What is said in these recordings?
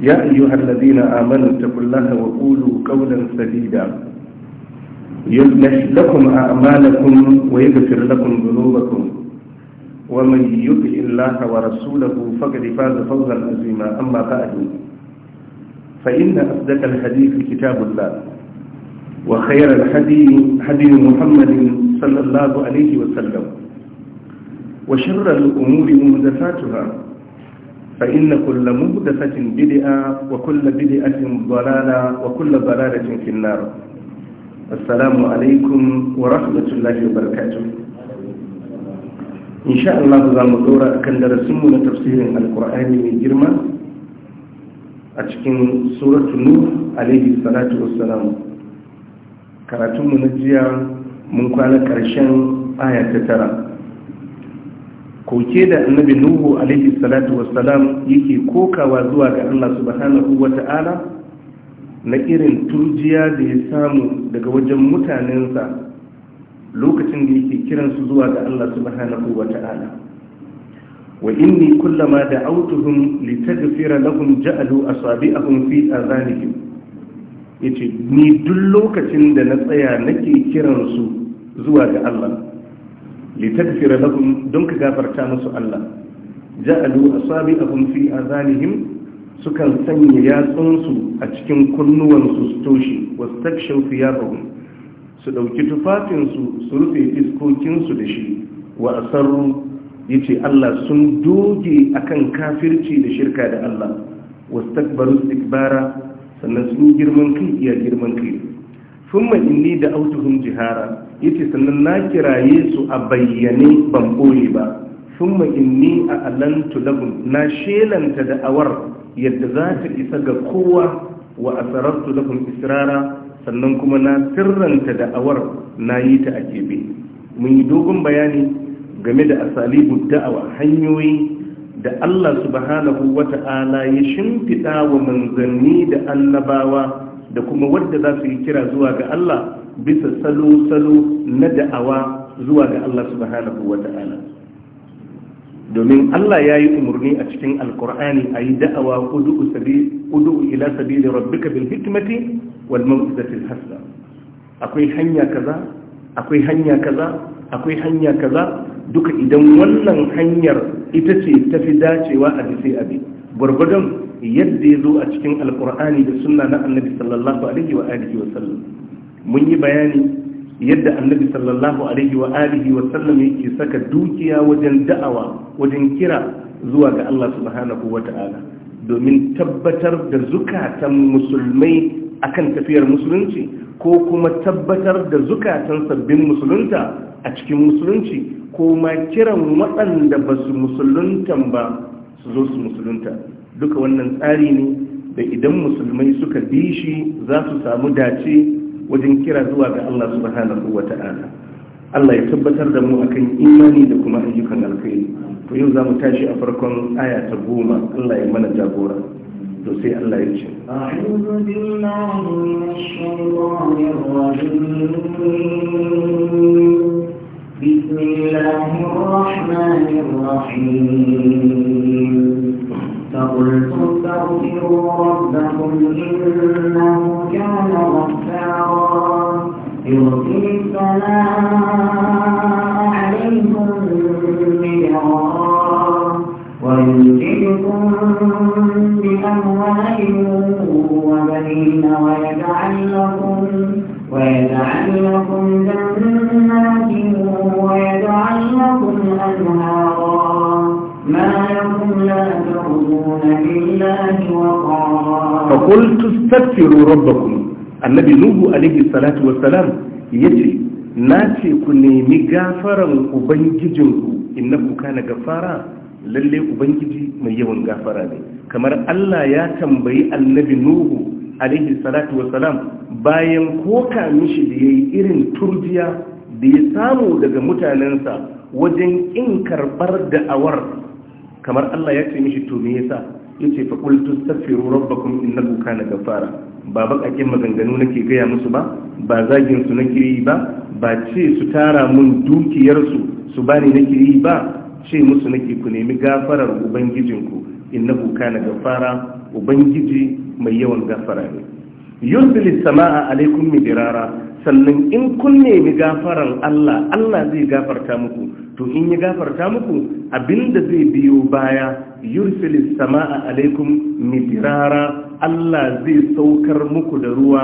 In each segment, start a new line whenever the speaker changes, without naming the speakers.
يا أيها الذين آمنوا اتقوا الله وقولوا قولا سديدا يصلح لكم أعمالكم ويغفر لكم ذنوبكم ومن يطع الله ورسوله فقد فاز فوزا عظيما أما بعد فإن أصدق الحديث كتاب الله وخير الحديث حديث محمد صلى الله عليه وسلم وشر الأمور محدثاتها فإن كل مهدفة بدئة وكل بدئة ضلالة وكل ضلالة في النار السلام عليكم ورحمة الله وبركاته إن شاء الله ذا مدورة كان درسمنا تفسير القرآن من جرمة أتكين سورة نوح عليه الصلاة والسلام كراتم نجيا من قال كرشان آية تترى koke da annabi nuhu alaihi salatu wassalam yake kokawa zuwa ga Allah subhanahu wata'ala na irin turjiya da ya samu daga wajen mutanensa lokacin da yake kiransu zuwa ga Allah subhanahu wata'ala wa inni kullama da'awtuhum litaghfira lahum ja'alu asabi'ahum fi azanihim yace ni duk lokacin da na tsaya nake kiransu zuwa ga Allah لتغفر لهم دونك غفر تامس الله جعلوا أصابعهم في أذانهم سكن سني ياسنسو أتكن كنوا سستوشي واستكشوا ثيابهم سدوكي تفاتنسو سرفي فسكوكنسو دشي وأصروا يتي الله سندوجي أكن كافرتي لشركة الله واستكبروا استكبارا سنسلوا جرمنكي يا جرمنكي ثم إني دعوتهم جهارا yace sannan na kiraye su a bayyane ban ɓoye ba sun ma'inni a alantu Lagun na shelanta da awar yadda za ta isa ga kowa wa sarartu lagun israra sannan kuma na sirranta da awar na yi ta a kebe mun yi dogon bayani game da asalibu da'awa hanyoyi da Allah subhanahu wata'ala ya shimfiɗa wa manzanni da annabawa da kuma wadda za su yi kira zuwa ga Allah bisa salo-salo na da'awa zuwa ga Allah subhanahu wa ta'ala domin Allah ya yi umarni a cikin alkur'ani a yi da'awa kudu ila sabili rabbika bil hikmati wal mawuzatil hasra akwai hanya kaza akwai hanya kaza akwai hanya kaza duka idan wannan hanyar ita ce ta fi dacewa a bisa abi gwargwadon yadda ya zo a cikin alkur'ani da sunna na annabi sallallahu alaihi wa alihi wa sallam mun yi bayani yadda annabi sallallahu alaihi wa alihi wa sallam yake saka dukiya wajen da'awa wajen kira zuwa ga Allah subhanahu wa ta'ala domin tabbatar da zukatan musulmai akan tafiyar musulunci ko kuma tabbatar da zukatan sabbin musulunta a cikin musulunci ko ma kiran waɗanda ba su musuluntan ba su zo su musulunta duka wannan tsari ne da idan musulmai suka bi shi za su samu dace wajen kira zuwa ga Allah subhanahu wa ta'ala Allah ya tabbatar da mu akan imani da kuma ayyukan alkhairi to yau za mu tashi a farkon aya ta goma Allah ya mana jagora to sai Allah ya ce
بسم الله الرحمن الرحيم فقلت استغفروا ربكم إنه كان غفارا يرسل السماء عليكم مدرارا
ويمددكم
بأموال وبنين ويجعل لكم ويجعل لكم جنات ويجعل لكم أنهارا ما لكم لا فقل
تستغفروا ربكم النبي نوح عليه الصلاة والسلام يتي ناتي كنيمي غافرا أبنججنكو إنه كان غفارا lalle ubangiji mai yawan gafara ne kamar Allah ya tambayi annabi Nuhu alaihi salatu wassalam bayan koka mishi da yayi irin turjiya da ya samu daga mutanensa wajen in karɓar da'awar kamar Allah ya ce mishi to me yasa yace fa qul tastaghfiru rabbakum innahu kana gafara ba bakakin maganganu nake gaya musu ba ba zagin su nake yi ba ba ce su tara mun dukiyar su su bani nake yi ba ce musu nake ku nemi gafarar ubangijinku innahu kana gafara ubangiji mai yawan gafara ne yusli samaa alaikum midirara sannan in kun nemi gafaran Allah Allah zai gafarta muku to in ya gafarta muku abinda zai biyo baya yursilis sama'a alaikum midirara Allah zai saukar muku da ruwa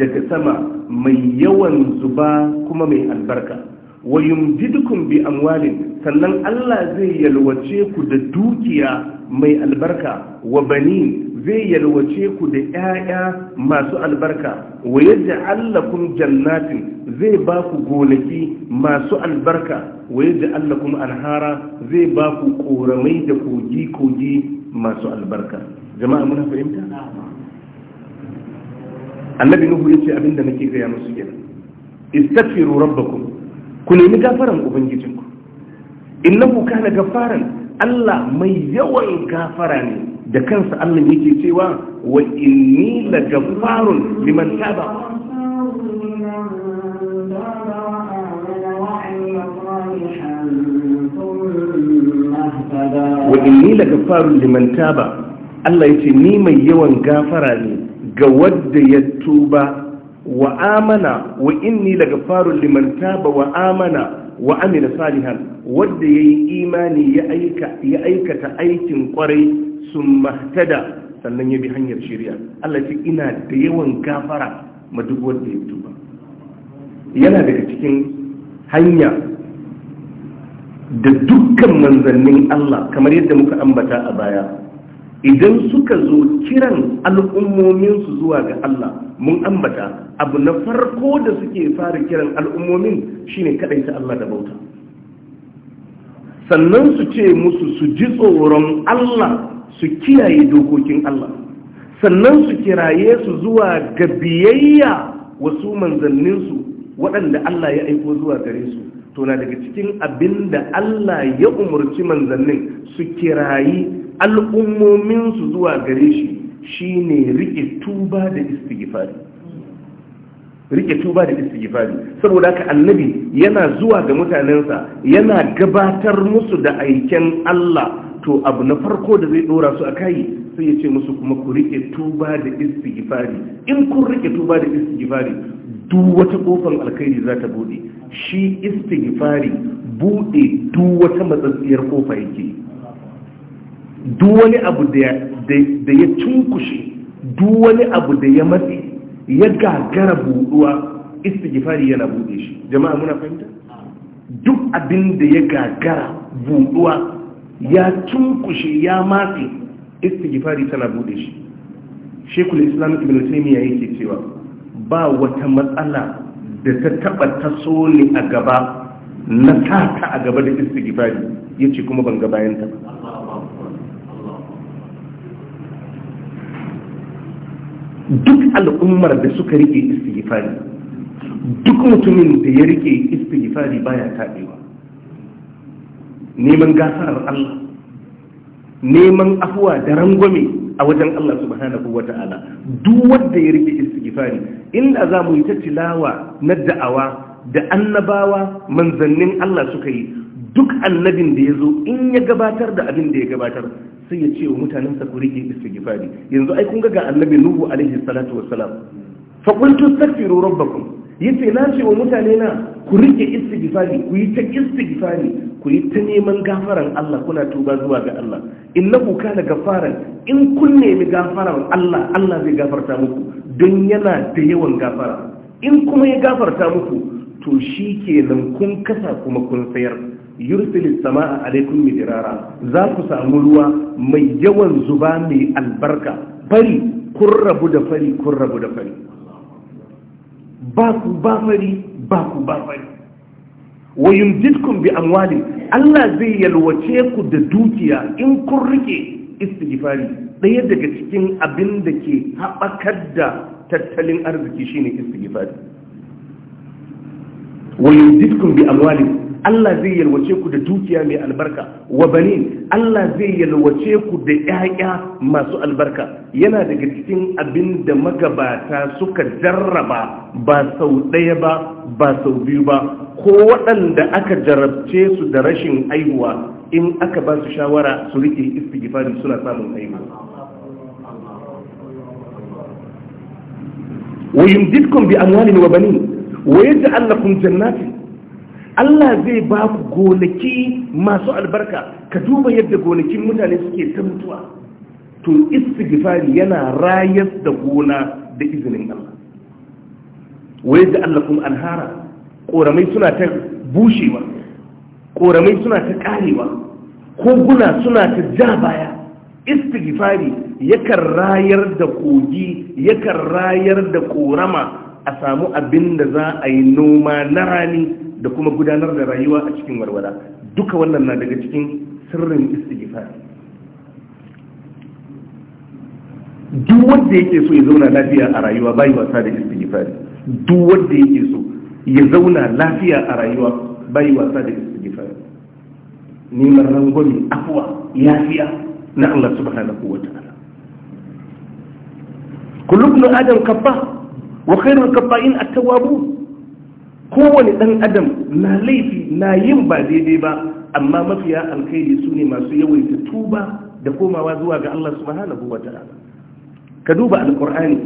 daga sama mai yawan zuba kuma mai albarka wa bi amwalin sannan Allah zai yalwace ku da dukiya mai albarka wa banin zai yalwace ku da 'ya'ya masu albarka wa yadda allakun jannatin zai ba ku gonaki masu albarka wa yadda allakun Alhara zai ba ku koramai da kogi-kogi masu albarka jama'a muna fahimta annabi nuhu ya ce abinda nake gaya musu kenan istaghfiru rabbakum ku nemi gafaran ubangijinku innahu kana gafaran Allah mai yawan gafara ne da kansa Allah yake cewa wa inni lagaffarun liman taba wa inni lagaffarun liman taba Allah yace ni mai yawan gafara ne ga wadda ya tuba wa amana wa inni lagaffarun liman taba wa amana wa amina salihan wadda ya yi imani ya aikata aikin kwarai sun mahtada sannan ya bi hanyar shirya Allah ce ina da yawan gafara ma duk wanda ya tuba yana daga cikin hanya da dukkan manzannin Allah kamar yadda muka ambata a baya idan suka zo kiran al'ummomin su zuwa ga Allah mun ambata abu na farko da suke fara kiran al'ummomin shine ta Allah da bauta sannan su ce musu su ji tsoron Allah su kiyaye dokokin Allah sannan su kiraye su zuwa ga biyayya wasu manzanninsu waɗanda Allah ya aiko zuwa gare su to na daga cikin abin da Allah ya umarci manzannin su kirayi al'ummominsu zuwa gare shi shine rike tuba da istighfari rike tuba da istighfari saboda haka annabi yana zuwa ga mutanensa yana gabatar musu da aiken Allah to abu na farko da zai dora su a kai sai ya ce musu kuma ku rike tuba da istighfari in kun rike tuba da istighfari duk wata kofar alkhairi za ta bude shi istighfari bude duk wata matsatsiyar kofa yake duk wani abu da ya cunkushe duk wani abu da ya matsi ya gagara buduwa istighfari yana bude shi jama'a muna fahimta duk abin da ya gagara buduwa ya tunkushe ya matse istighfari tana bude shi shekul islam ibn taymiya yake cewa ba wata matsala da ta taba so ni a gaba na ta a gaba da istighfari yace kuma ban ga bayan ta duk al'ummar da suka rike istighfari duk mutumin da ya rike istighfari baya tabewa neman gasarar Allah neman afuwa da rangwame a wajen Allah subhanahu wa ta'ala duk wanda ya rike istighfari inda za mu yi ta tilawa na da'awa da annabawa manzannin Allah suka yi duk annabin da ya zo in ya gabatar da abin da ya gabatar sai ya ce wa mutanensa ku rike istighfari yanzu ai kun ga ga annabi nuhu alaihi salatu wassalam fa qultu astaghfiru rabbakum yace na ce wa mutane na ku rike istighfari ku yi ta istighfari ku yi ta neman gafaran Allah kuna tuba zuwa ga Allah innahu kana gafaran in kun nemi gafaran Allah Allah zai gafarta muku don yana da yawan gafara in kuma ya gafarta muku to shi kenan kun kasa kuma kun sayar yursil sama'a alaikum midrara za ku samu ruwa mai yawan zuba mai albarka fari kun rabu da fari kun rabu da fari ba ku baku bafari ba ku wa yumdidkum bi amwali Allah zai yalwace ku da dukiya in kun rike istighfari daya daga cikin abin da ke haɓakar da tattalin arziki shine istighfari wa yumdidkum bi amwali Allah zai yalwace ku da dukiya mai albarka wa banin Allah zai yalwace ku da ƴaƴa masu albarka yana daga cikin abin da magabata suka jarraba ba sau ɗaya ba ba sau biyu ba ko waɗanda aka jarabce su da rashin aihuwa in aka ba su shawara su rike istighfari suna samun aihuwa ويمددكم بأموال وبنين ويجعل لكم جنات Allah zai ba ku gonaki masu albarka ka duba yadda gonakin mutane suke ta mutuwa to istighfari yana rayar da gona da izinin Allah waye da Allah kuma anhara koramai suna ta bushewa koramai suna ta karewa koguna suna ta ja baya istighfari yakan rayar da kogi yakan rayar da korama a samu abin da za a yi noma na rani da kuma gudanar da rayuwa a cikin warwara duka wannan na daga cikin sirrin istighfar duk wanda yake so ya zauna lafiya a rayuwa bai wasa da istighfar duk wanda yake so ya zauna lafiya a rayuwa bai wasa da istighfar neman rangwami afuwa yafiya na Allah subhanahu wataala ta'ala kullu ibn adam kaffa wa khairul kaffa'in at-tawwabun kowane ɗan adam na laifi na yin ba daidai ba amma mafiya alkhairi su ne masu yawaita tuba da komawa zuwa ga Allah subhanahu wa ta'ala ka duba alkur'ani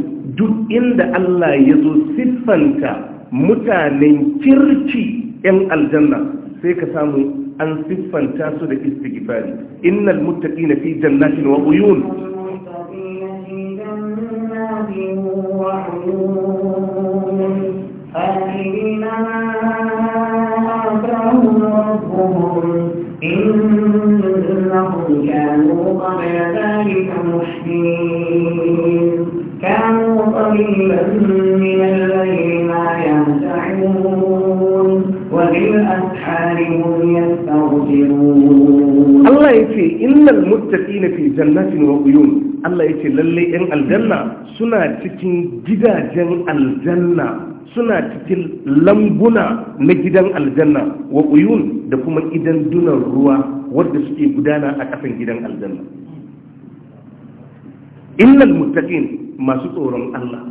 duk inda Allah ya zo siffanta mutanen kirki 'yan aljanna sai ka samu an siffanta su da istighfari innal muttaqina fi jannatin wa uyun
إنهم كانوا قبل ذلك محسنين كانوا قليلا من الليل ما يمتعون
وبالأسحار هم يستغفرون الله يتي إن المتقين في جنات وعيون الله يتي للي إن الجنة سنة تكين جدا جن الجنة suna cikin lambuna na gidan aljanna wa uyun da kuma idan dunan ruwa wadda suke gudana a kasan gidan aljanna innal muttaqin masu tsoron Allah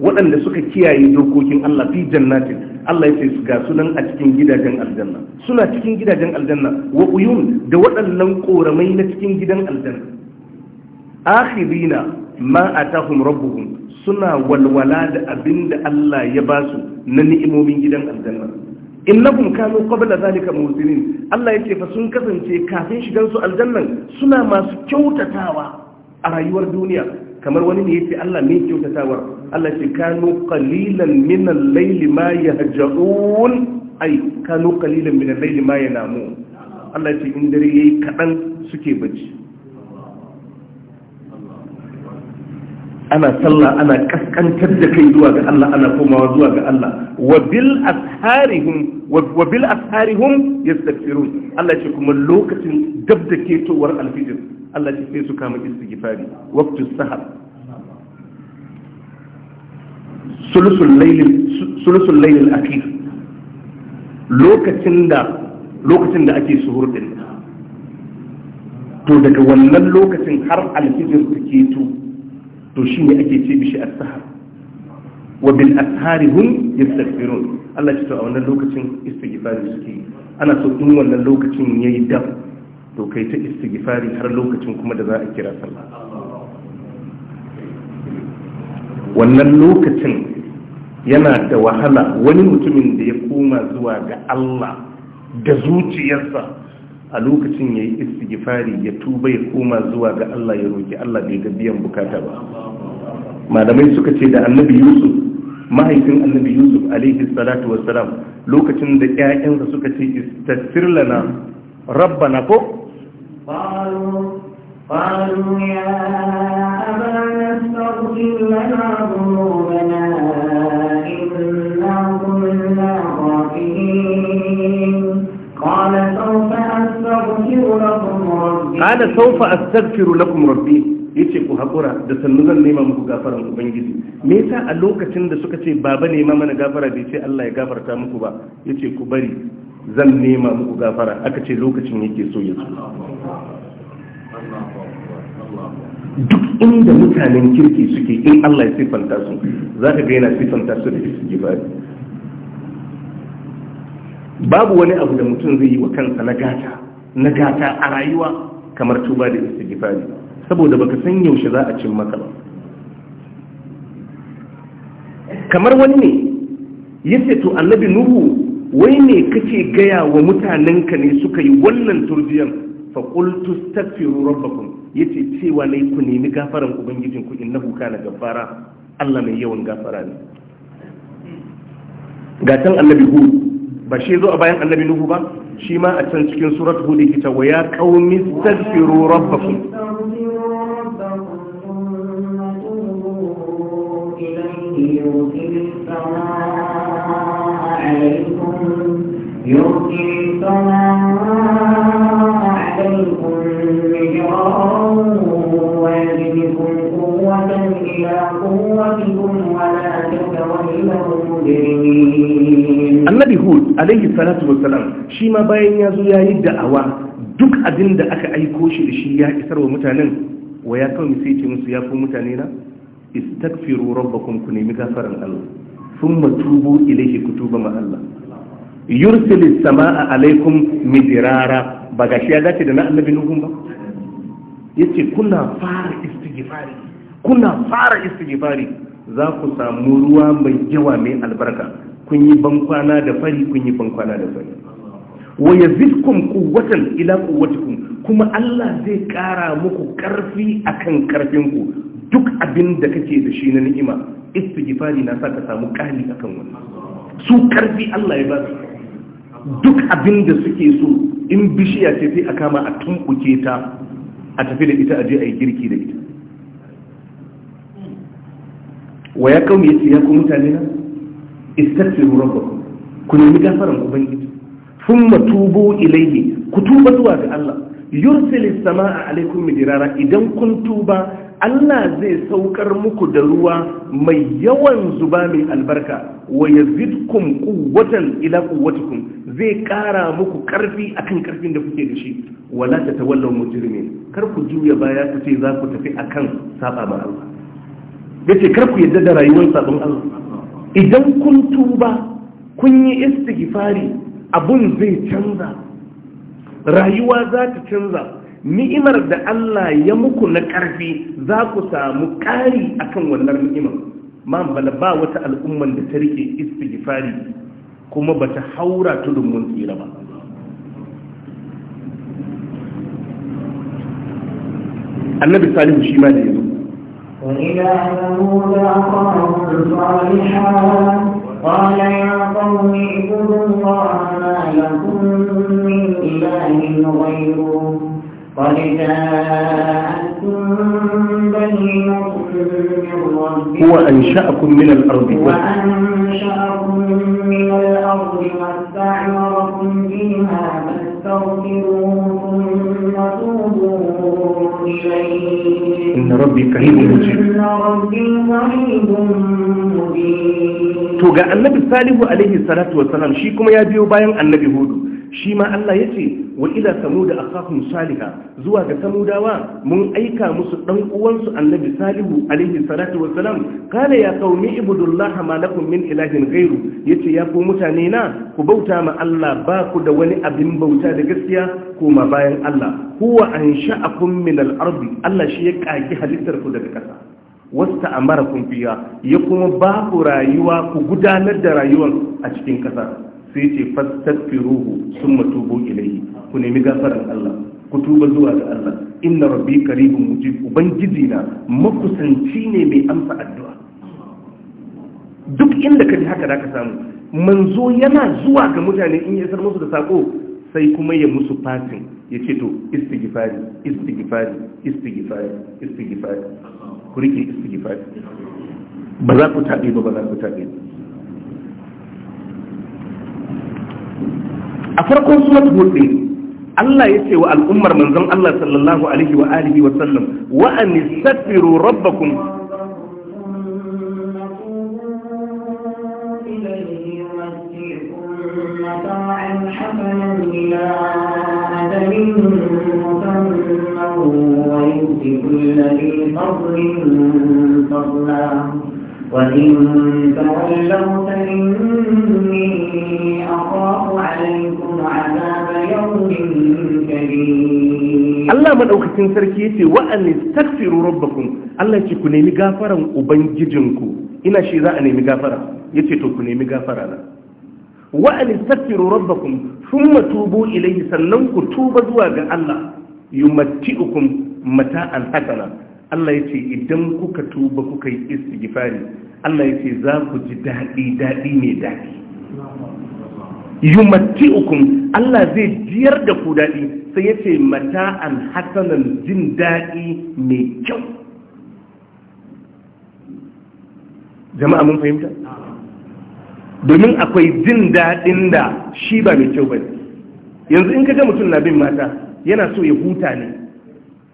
waɗanda suka kiyaye dokokin Allah fi jannatin Allah ya su ga sunan a cikin gidajen aljanna suna cikin gidajen aljanna wa uyun da waɗannan koramai na cikin gidan aljanna akhirina ma tahun rabbuhum suna walwala da abinda Allah ya ba su na ni'imomin gidan aljanna innahum kanu qabla zalika muhsinin Allah yake fa sun kasance kafin shigan su aljanna suna masu kyautatawa a rayuwar duniya kamar wani ne yace Allah mai kyautatawar Allah ce kanu qalilan min al-layli ma yahja'un ai kanu qalilan min al-layli ma yanamu Allah ce in dare yayi kadan suke bacci ana sallah ana kaskantar da kai zuwa ga Allah ana komawa zuwa ga Allah wa bil asharihum wa bil asharihum yastaghfirun Allah ce kuma lokacin dab da ketowar alfijir Allah ce sai su kama istighfari waqtu sahar sulusul layl sulusul layl lokacin da lokacin da ake suhur din to daga wannan lokacin har alfijir take to to shi ne ake ce bishi a sahar wa bil ashari hum yastaghfirun Allah ya ce a wannan lokacin istighfari suke ana so in wannan lokacin yayi dab to kai ta istighfari har lokacin kuma da za a kira sallah wannan lokacin yana da wahala wani mutumin da ya koma zuwa ga Allah da zuciyarsa a lokacin ya yi istighfari ya tuba ya koma zuwa ga Allah ya roƙi Allah bai ga biyan bukata ba malamai suka ce da annabi yusuf mahaifin annabi yusuf alaihi salatu wassalam lokacin da ƴaƴansa suka ce istaghfir lana rabbana ko
qalu ya abana استغفر lana ذنوبنا inna kunna خاطئين قال
saufa استغفر لكم rabbi yace ku hakura da sannu zan nema muku gafaran ubangiji me yasa a lokacin da suka ce baba nema mana gafara bai ce Allah ya gafarta muku ba yace ku bari zan nema muku gafara aka ce lokacin yake so ya zo duk inda mutanen kirki suke in Allah ya sifanta su za ka ga yana sifanta su da istighfar babu wani abu da mutum zai yi wa kansa na gata a rayuwa kamar tuba da istighfari saboda baka san yaushe za a cin maka ba kamar wani ne yace to annabi nuhu wai ne kake gaya wa mutanenka ne suka yi wannan turjiyan fa qultu astaghfiru rabbakum yace cewa ne ku nemi gafaran ubangijin ku innahu kana gaffara Allah mai yawan gafara ne gatan annabi hu ba shi zo a bayan annabi nuhu ba shi ma a can cikin surat hudu kita wa ya qaumi astaghfiru rabbakum
يرسل السماء
annabi hud alaihi salatu wassalam shi ma bayan ya zo ya yi da'awa duk abin da aka aiko shi da shi ya isar wa mutanen wa ya kawo sai ce musu ya fi mutane na istakfiru rabbakum ku nemi gafaran allah thumma tubu ilaihi ku tuba ma allah yursilis samaa alaikum midirara ba shi ya dace da na annabi nuhun ba yace kuna fara istighfari kuna fara istighfari za ku samu ruwa mai yawa mai albarka kun yi bankwana da fari kun yi bankwana da fari wa yazidkum quwwatan ila quwwatikum kuma Allah zai kara muku karfi akan karfinku duk abin da kake da shi na ni'ima istighfari na sa ka samu kali akan wannan su karfi Allah ya ba su duk abin da suke so in bishiya ce sai a kama a tumbuke ta a tafi da ita aje a yi girki da ita wa ya kawo ya ce ya ku mutane na istaghfiru rabbakum ku nemi gafaran ubangiji thumma tubu ilayhi ku tuba zuwa ga Allah yursilu samaa alaikum midrara idan kun tuba Allah zai saukar muku da ruwa mai yawan zuba mai albarka wa yazidkum quwwatan ila quwwatikum zai kara muku karfi akan karfin da kuke da shi wala tatawallaw mujrimin kar ku juya baya ku ce za ku tafi akan saba ma Allah yace kar ku yadda da rayuwar sabon Allah idan kun tuba kun yi istighfari abun zai canza rayuwa za ta canza ni'imar da Allah ya muku na ƙarfi za ku samu ƙari akan wannan ni'imar ma bala ba wata al'umman da ta rike istighfari kuma ba ta haura tudun mun tsira ba annabi salihu shi ma da yanzu
وإلى ثمود أخاهم صالحا قال يا قوم اعبدوا الله ما لكم من إله غيره قد جاءتكم بينة من ربكم هو أنشأكم من الأرض وأنشأكم من الأرض واستعمركم فيها إن ربي قريب مجيب إن ربي قريب مجيب to ga
annabi salihu alaihi salatu wasalam shi kuma ya biyo bayan annabi hudu shi ma Allah ya ce wa ila samuda akahum salihah zuwa ga samudawa mun aika musu dan uwansu annabi salihu alaihi salatu wassalam kana ya qaumi ibudullaha ma lakum min ilahin ghairu yace ya ku mutane na ku bauta ma Allah ba ku da wani abin bauta da gaskiya ma bayan Allah huwa ansha'akum min al ard Allah shi ya kaki halittar ku daga kasa wasta amara kun fiya ya kuma ba ku rayuwa ku gudanar da rayuwar a cikin kasa sai ce ruhu sun matubo ilai ku nemi gafaran Allah ku tuba zuwa ga Allah inna rabbi qaribun mujib ubangiji na makusanci ne mai amsa addu'a duk inda ka ji haka zaka samu manzo yana zuwa ga mutane in ya isar musu da sako sai kuma ya musu fatin ya ce to istighfari istighfari istighfari istighfari ku rike istighfari ba za ku tabe ba ba za ku tabe ba a farkon surat hudu Allah ya ce wa al'ummar manzon Allah sallallahu alaihi wa alihi wa sallam wa an istaghfiru rabbakum
ويؤتي كل ذي فضل فضلا وإن تولوا فإني أخاف عليكم عذاب يوم كبير الله
من أوكتين سركيتي وأن استغفروا ربكم الله يقول نيمي غافرا وبنججنكو إنا شيء ذا نيمي غافرا يتيتو نيمي غافرا وأن استغفروا ربكم ثم توبوا إليه سننكو توبة زواج الله يمتئكم متاعا حسنا Allah ya ce idan kuka tuba kuka yi istighfari Allah ya ce za ku ji daɗi daɗi mai daɗi yumati'ukum Allah zai jiyar da ku daɗi sai ya ce mata'an hasanan jin daɗi mai kyau jama'a mun fahimta domin akwai jin daɗin da shi ba mai kyau ba yanzu in ka ga mutum na bin mata yana so ya huta ne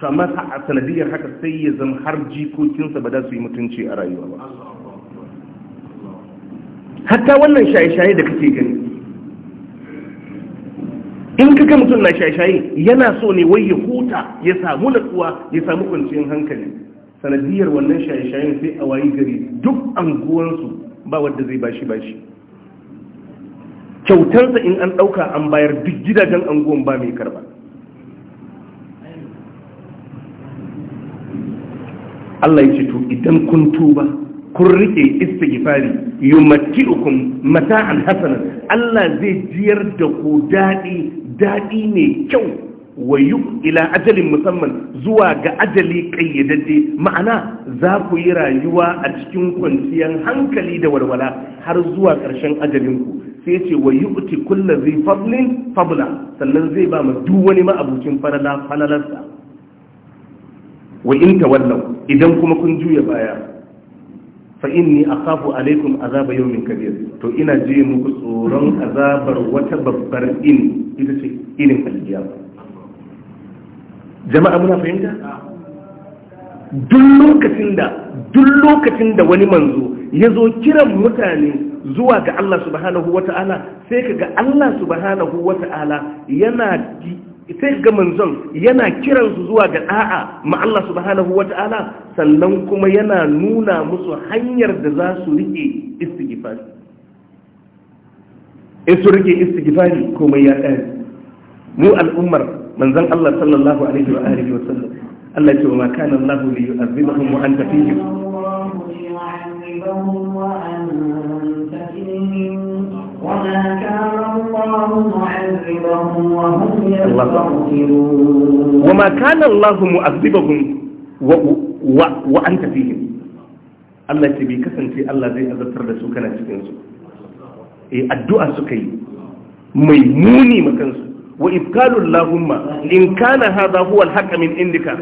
ta masa a sanadiyar haka sai ya zama har jikokinsa ba za su yi mutunci a rayuwa ba hatta wannan shaye-shaye da kake gani in kaga mutum na shaye-shaye yana so ne wai ya huta ya samu natsuwa ya samu kwanciyar hankali sanadiyar wannan shaye-shayen sai a wayi gari duk anguwansu ba wadda zai bashi bashi kyautarsa in an ɗauka an bayar duk gidajen anguwan ba mai karba Allah ya ce to idan kun tuba kun rike istighfari mata mata'an hasana Allah zai jiyar da ku dadi dadi ne kyau wa ila ajalin musamman zuwa ga ajali kayyadadde ma'ana za ku yi rayuwa a cikin kwanciyar hankali da walwala har zuwa ƙarshen ajalinku sai ce wa yi uti kulla fabla sannan zai ba ma duk wani ma'abucin falalarsa wa in tawallaw idan kuma kun juya baya fa inni akhafu alaikum azaba yawmin kabir to ina ji muku tsoron azabar wata babbar in ita ce irin alkiyama jama'a muna fahimta duk lokacin da duk lokacin da wani manzo ya zo kiran mutane zuwa ga Allah subhanahu wata'ala sai kaga Allah subhanahu wata'ala yana sai ga manzon yana kiran su zuwa ga da'a ma Allah subhanahu wata'ala sannan kuma yana nuna musu hanyar da za su rike istighfari in su rike istighfari komai ya ɗaya mu al'ummar manzon Allah sallallahu alaihi wa alihi wa sallam Allah ce wa ma kana Allah li yu'azzibahum wa anta fihim
Allahu yu'azzibahum wa anta fihim وما
كان الله معذبهم وهم يستغفرون الله Allah ce bai kasance Allah zai azabtar da su kana cikinsu e addu'a suka yi mai muni makansu wa ifkalun lahumma in kana min indika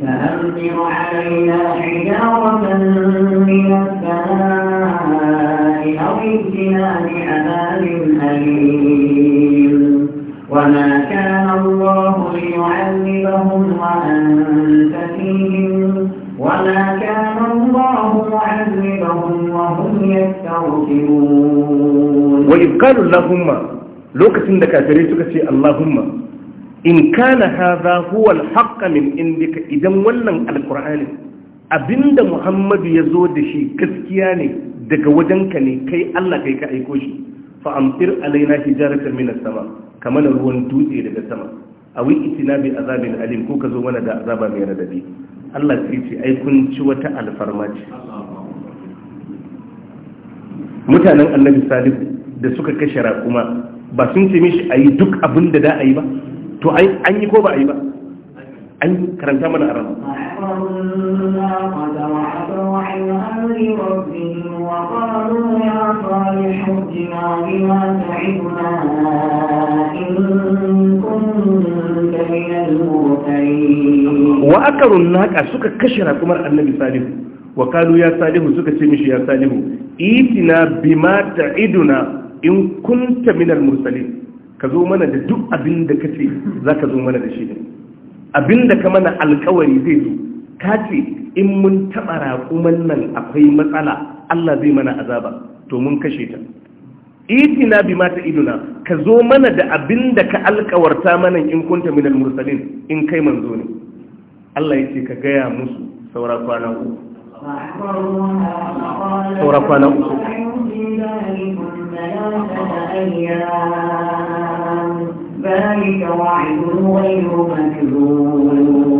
فأمطر علينا حجارة من السماء أو ائتنا بعذاب أليم وما كان الله ليعذبهم وأنت فيهم وما كان الله معذبهم وهم
يستغفرون وإذ قالوا اللهم لوكة كافرين تكسي اللهم in kana haza huwa al min indika idan wannan alqur'ani abinda muhammadu yazo da shi gaskiya ne daga wajenka ne kai Allah kai ka aiko shi fa amtir alaina hijaratan min as-sama kamar ruwan dutse daga sama awi itina bi azabin alim ko ka zo mana da azaba mai radadi Allah sai ce ai kun ci wata alfarma ce mutanen annabi salihu da suka kashe raƙuma ba sun ce mishi ayi duk abinda da da a yi ba to an yi ko ba a yi ba an karanta mana a ranar wa akarun naka suka kashe rakumar annabi salihu wa kalu ya salihu suka ce mishi ya salihu itina bima iduna in kunta minal mursalin ka zo mana da duk abin da ka ce za ka zo mana da shi abin da ka mana alkawari zai zo ka ce in mun taɓa raƙuman nan akwai matsala Allah zai mana azaba to mun kashe ta itina bi mata iduna ka zo mana da abin da ka alkawarta mana in kunta minal mursalin in kai manzo ne Allah ya ce ka gaya musu saura kwana
saura kwana uku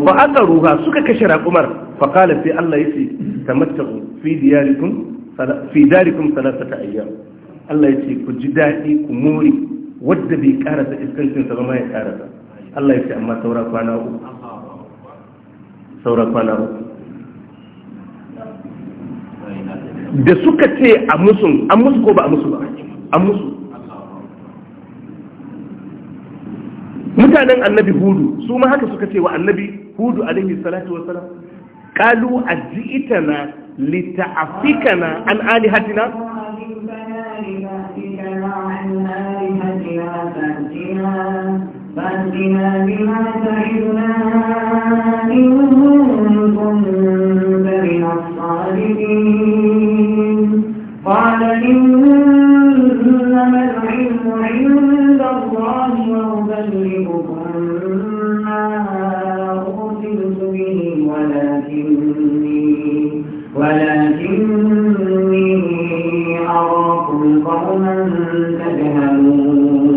فأقروها سكا كشرا قمر فقال في الله يسي تمتعوا في دياركم في داركم ثلاثة أيام الله يسي كجدائي كموري ودبي كارثة إسكنتين سغمائي كارثة الله يسي أما ثورا قانا ثورا قانا da suka ce a musu an musu ko ba a musu ba an musu mutanen annabi hudu su ma haka suka ce wa annabi hudu alaihi salatu salam kalu aji'tana lita'afikana an alihatina
فأتنا بما تعدنا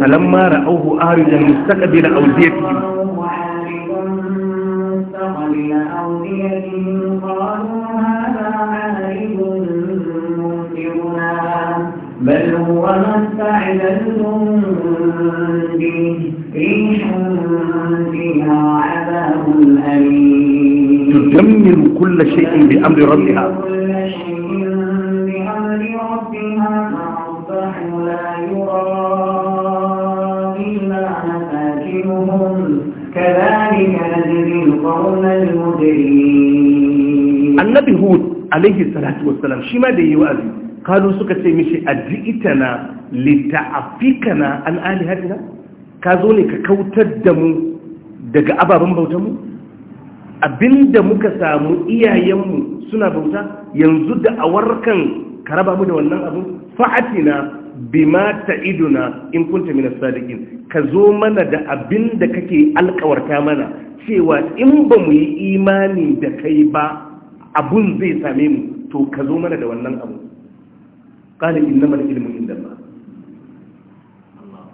فلما رأوه آرجا مستقبل أوديتهم
بل هو ما استعجلتم به ريح فيها عذاب أليم تدمر كل شيء بأمر ربها
alaihi salatu wassalam shi ma da yi wa'azi kano suka ce mishi addi'itana lita'afikana an hadina ka zo ne ka kautar da mu daga ababen bauta mu abinda muka samu iyayenmu suna bauta yanzu da a ka raba mu da wannan abu? fa'atina bima ta'iduna in kunta min as-sadiqin ka zo mana da abin da kake alkawarta mana cewa in ba mu yi imani da kai ba abun zai same mu to ka zo mana da wannan abu qala innamal ilmu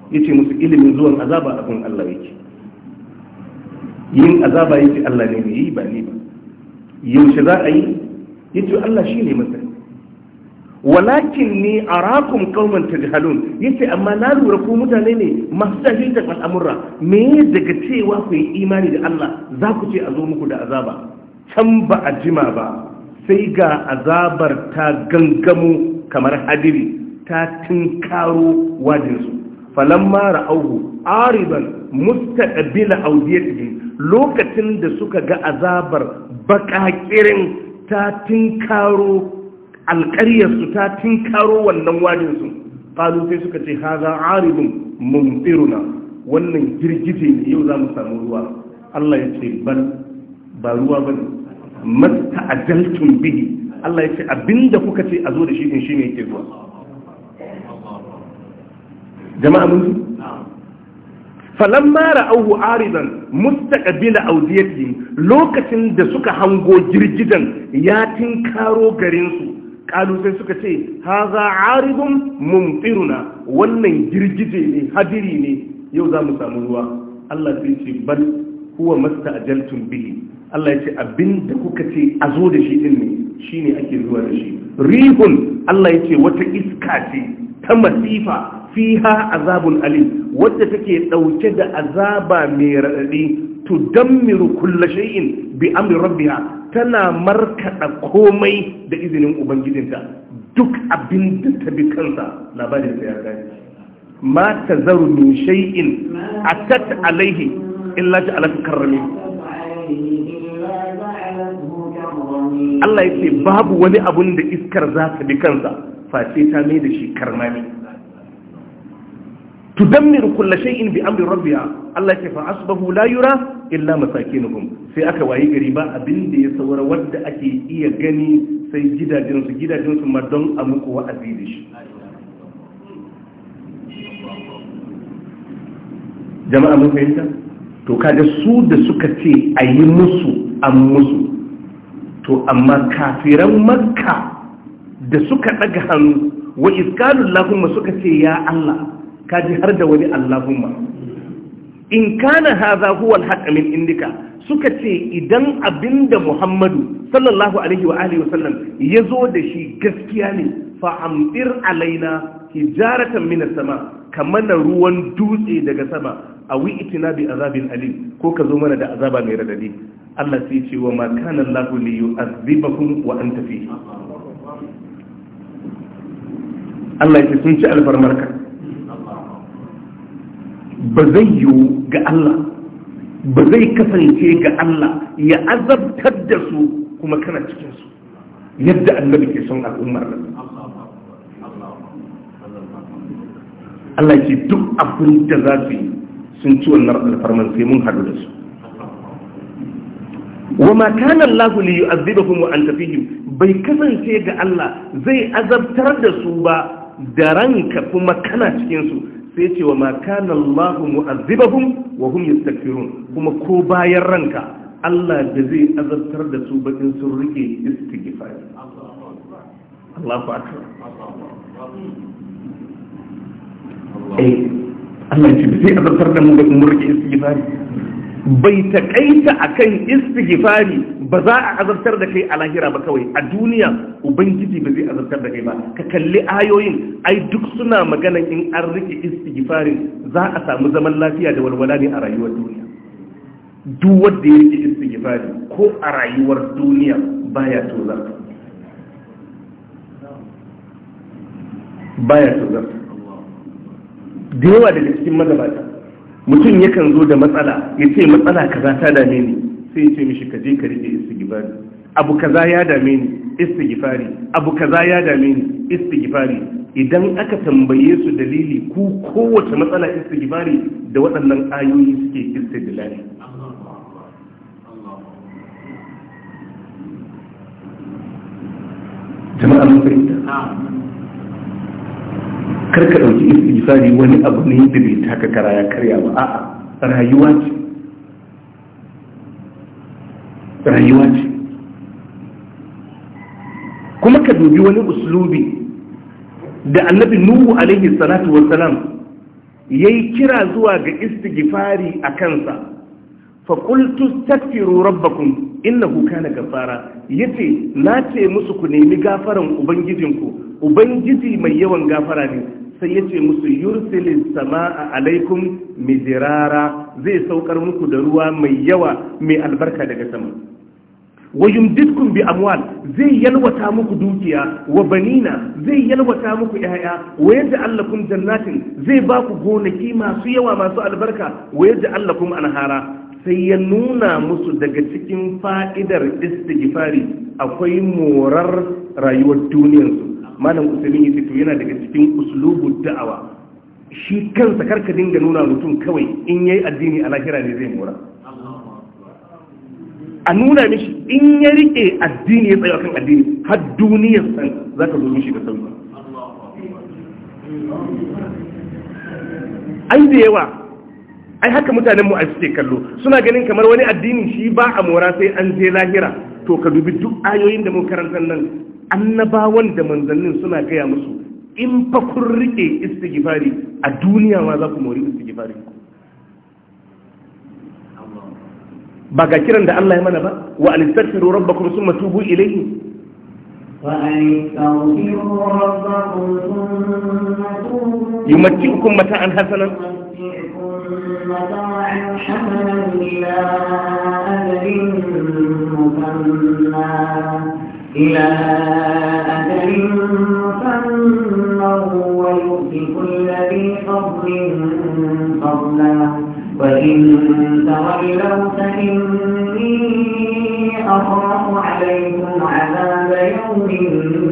Ya yace musu ilimin zuwan azaba abun Allah yake yin azaba yake Allah ne ne yi ba ni ba yaushe za a yi yace Allah shi ne masani walakin ni arakum qauman tajhalun yace amma na lura ku mutane ne masu jahilta al'amura me daga cewa ku yi imani da Allah za ku ce a zo muku da azaba can ba a jima ba sai ga azabar ta gangamo kamar hadiri ta tinkaro wajinsu falamma ra'auhu ariban mustaqbila awdiyatihi lokacin da suka ga azabar bakakirin ta tinkaro alƙaryarsu ta tinkaro wannan wajinsu falu sai suka ce haza aribin mumfiruna wannan girgije ne yau za mu samu ruwa Allah ya ce ba ruwa ba ne masta'ajaltum bihi Allah ya ce abinda kuka ce a zo da shi in shine yake zuwa jama'a mun ji falamma arizan aridan mustaqbila awdiyatihi lokacin da suka hango girgidan ya tinkaro garin su kalu sai suka ce haza aridun mumtiruna wannan girgije ne hadiri ne yau za mu samu ruwa Allah sai ce bal huwa masta'ajaltum bihi Allah ya ce abinda kuka ce a zo da shi din ne shi ne ake zuwa da shi rihun Allah ya ce wata iska ce ta masifa fiha azabun alim wadda take ɗauke da azaba mai raɗaɗi tudammiru kulla shay'in bi amri rabbiha tana markaɗa komai da izinin ubangijinta duk abin da ta bi kansa labarin sai ya gani ma tazaru min shay'in atat alaihi illa ta alaka karrami Allah ya ce babu wani abun da iskar za ta bi kansa face ta mai da shi karmami rukulla kulla in bi amri rabbiha Allah ya ce fa asbahu la yura illa masakinukum sai aka wayi gari ba abin da ya saura wadda ake iya gani sai gidajen su gidajen su ma don a muku shi jama'a mun fahimta to kaga su da suka ce a yi musu an musu to amma kafiran makka da suka daga hannu wa iskalun lahumma suka ce ya Allah ji har da wani Allahumma in kana haza huwa al min indika suka ce idan abinda Muhammadu sallallahu alaihi wa alihi wasallam zo da shi gaskiya ne fa'amdir alaina hijaratan mina sama kamar na ruwan dutse daga sama a itina bi azabin alim ko ka zo mana da azaba mai radadi Allah sai ce wa makana Allah li yu'azibakum wa anta fi Allah ya sun ci albarmarka ba zai yiwu ga Allah ba zai kasance ga Allah ya azabtar da su kuma kana cikin su yadda annabi ke son al'ummar nan Allah ce duk abin da za su yi sun ci wannan alfarman sai mun haɗu da su wa ma kana Allah li yu'adhibahum wa anta fihim bai kasance ga Allah zai azabtar da su ba da ranka kuma kana cikin su sai ce wa ma kana Allah mu'adhibahum wa hum yastaghfirun kuma ko bayan ranka Allah da zai azabtar da su bakin sun rike istighfar Allahu akbar Allahu
akbar
eh Allah ce sai azabtar da mu da mu rike istighfari bai takaita akan istighfari ba za a azabtar da kai a lahira ba kawai a duniya ubangiji ba zai azabtar da kai ba ka kalli ayoyin ai duk suna magana in an rike istighfarin za a samu zaman lafiya da walwala ne a rayuwar duniya duk wanda ya rike istighfari ko a rayuwar duniya baya tozarta baya tozarta da yawa daga cikin magabata mutum yakan zo da matsala ya ce matsala kaza ta dame ni sai ya ce mishi ka je ka rike istighfari abu kaza ya dame ni istighfari abu kaza ya dame ni istighfari idan aka tambaye su dalili ku kowace matsala istighfari da waɗannan ayoyi suke istidlali jama'a mun fahimta karka ɗauki istighfari wani abu ne da bai taka kara ya karya ba a'a rayuwa ce rayuwa ce kuma ka dubi wani uslubi da annabi nuhu alaihi salatu wassalam yayi kira zuwa ga istighfari a kansa fa qultu astaghfiru rabbakum innahu kana gafara yace na ce musu ku nemi gafaran ubangijinku ubangiji mai yawan gafara ne sai ya ce musu yursilin sama'a alaikum mizirara zai saukar muku da ruwa mai yawa mai albarka daga sama wayum diskun bi amwal zai yalwata muku dukiya wa banina zai yalwata muku yaya wa yadda kun jannatin zai ba ku gonaki masu yawa masu albarka wa yadda allakum anhara sai ya nuna musu daga cikin fa'idar istighfari akwai morar rayuwar duniyarsu malam usulun yace to yana daga cikin uslubud da'awa shi kansa karka dinga nuna mutum kawai in yayi addini a lahira ne zai mora a nuna mishi in ya rike addini ya tsaya kan addini har duniyar san za ka zo mishi da sauki ai da yawa ai haka mutanen mu a suke kallo suna ganin kamar wani addini shi ba a mora sai an je lahira to ka dubi duk ayoyin da mun karanta nan annabawan da manzannin suna gaya musu in fa kun rike istighfari a duniya ma za ku mori istighfari ba ga kiran da Allah ya mana ba wa alistaghfiru rabbakum thumma tubu ilayhi
يمتعكم متاعا حسنا متاعا حسنا إلى أجل مسمى إلى أجل مسمى ويؤتي كل ذي فضل فضلا وإن تولوا فإني أخاف عليكم عذاب يوم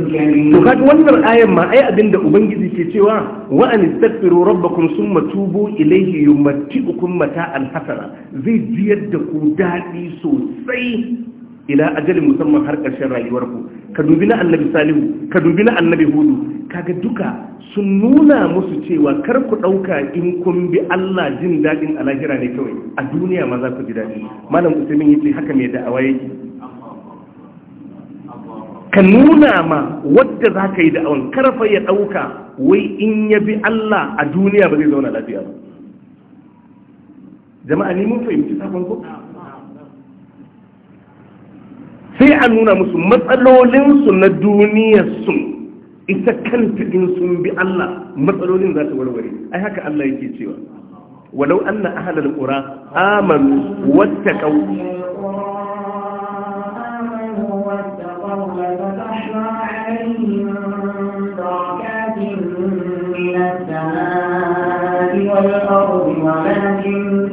to kaji
wannan ayan ma ai abinda ubangiji ke cewa wa an istaghfiru rabbakum summa tubu ilayhi yumatti'ukum mata'an hasana zai jiyar da ku dadi sosai ila ajalin musamman har ƙarshen rayuwarku ka dubi na annabi salihu ka dubi na annabi hudu kaga duka sun nuna musu cewa kar ku ɗauka in kun bi Allah jin daɗin alahira ne kawai a duniya ma za ku ji daɗi malam usaimin yace haka mai da'awa yake ka nuna ma wadda za ka yi da'awan karfa ya ɗauka wai in ya bi Allah a duniya ba zai zauna lafiya ba jama'a ni mun fahimci sakon ku sai a nuna musu matsalolinsu na duniyarsu ita kanta in sun bi Allah matsalolin za su warware ai haka Allah yake cewa walau anna ahlal qura amanu wattaqaw
من السماء والأرض ولكن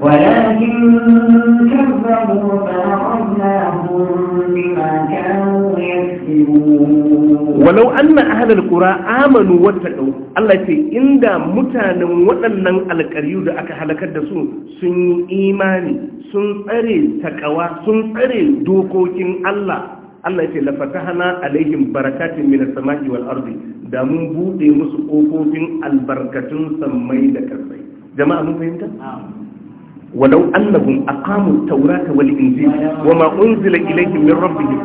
ولكن كذبوا فأخذناهم بما كانوا
يكسبون ولو أن أهل القرى آمنوا واتقوا الله يتي إن دا متانا وأنن القريو دا أكا حلقة دا سون سن إيماني سن أري تقوى سن أري دوكوكين الله Allah ya ce lafatahana alaihim barakatin min as-samai wal ardi da mun bude musu kofofin albarkatun sammai da kasai jama'a mun fahimta amin ولو أنهم أقاموا التوراة والإنجيل وما أنزل إليهم من ربهم